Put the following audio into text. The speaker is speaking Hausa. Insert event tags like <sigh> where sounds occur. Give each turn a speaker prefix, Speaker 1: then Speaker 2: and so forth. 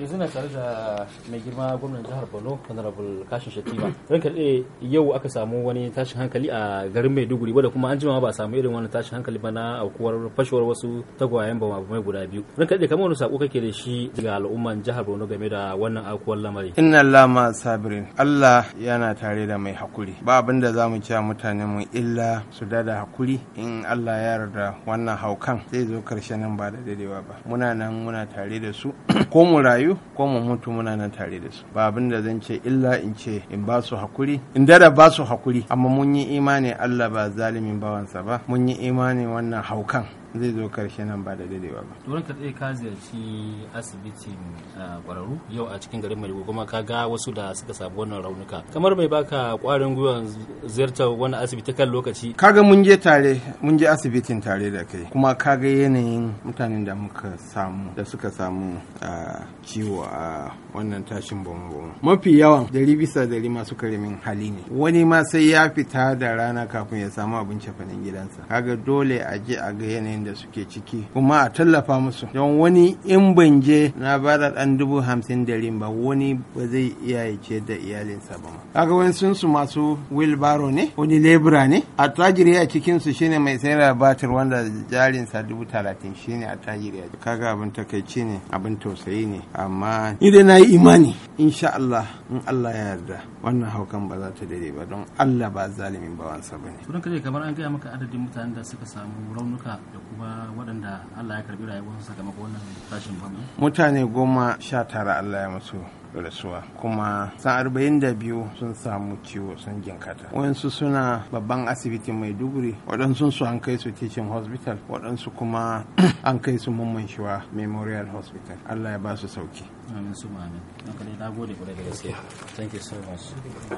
Speaker 1: yanzu na tare da mai girma gwamnan jihar borno honorable kashin shatima ranka daɗe yau aka samu wani tashin hankali a garin maiduguri ba da kuma an jima ba a samu irin wani tashin hankali ba na aukuwar fashewar wasu tagwayen ba mai guda biyu ranka daɗe kamar wani sako kake da shi ga al'umman jihar borno game da wannan aukuwar lamari inna
Speaker 2: lama sabirin allah yana tare da mai hakuri ba abin da za mu ce mutane mu illa su da da hakuri in allah ya yarda wannan haukan zai zo karshen nan ba da dadewa ba muna nan muna tare da su ko mu rayu biyu ko mu mutu muna nan tare da su ba abin da zan ce illa in ce in ba su hakuri in dada ba su hakuri amma mun yi imani Allah ba zalimin bawansa ba mun yi imani wannan haukan zai zo karshe nan ba da dadewa ba.
Speaker 1: Turan ka tsaye ka ziyarci asibitin kwararru yau a cikin garin Maiduguri kuma ka ga wasu da suka samu wannan raunuka. Kamar bai baka kwarin gwiwa ziyartar wani asibiti kan lokaci. Kaga
Speaker 2: mun je tare mun je asibitin tare da kai kuma kaga yanayin mutanen da muka samu da suka samu ciwo a wannan tashin bombo. Mafi yawan dari bisa dari masu karamin hali ne. Wani ma sai ya fita da rana kafin ya samu abin cefanin gidansa. Kaga dole a je a ga yanayin da suke ciki kuma a tallafa musu don wani in ban je na ba da dan dubu hamsin da ba wani ba zai iya ya ce da iyalinsa ba ma kaga wani sun su masu wilbaro ne wani lebura ne tajiri a cikin su shine mai sayar da batir wanda jarinsa dubu talatin shine a tajiri a kaga abin takaici ne abin tausayi ne amma ni dai na yi imani insha Allah in Allah ya yarda wannan haukan ba za ta dare ba don Allah ba zalimin bawansa bane.
Speaker 1: Sunan kaje kamar an gaya maka adadin mutanen da suka samu raunuka da kuma waɗanda Allah ya karbi rayuwarsu sakamakon wannan tashin
Speaker 2: mutane goma sha tara Allah ya masu rasuwa kuma san arba'in da biyu sun samu ciwo sun jinkata waɗansu suna babban asibiti mai duguri. waɗansu su an kai su teaching hospital waɗansu kuma <clears throat> an kai su mummun shiwa memorial hospital allah ya ba su sauki amin su amin
Speaker 1: da gode da gaske thank you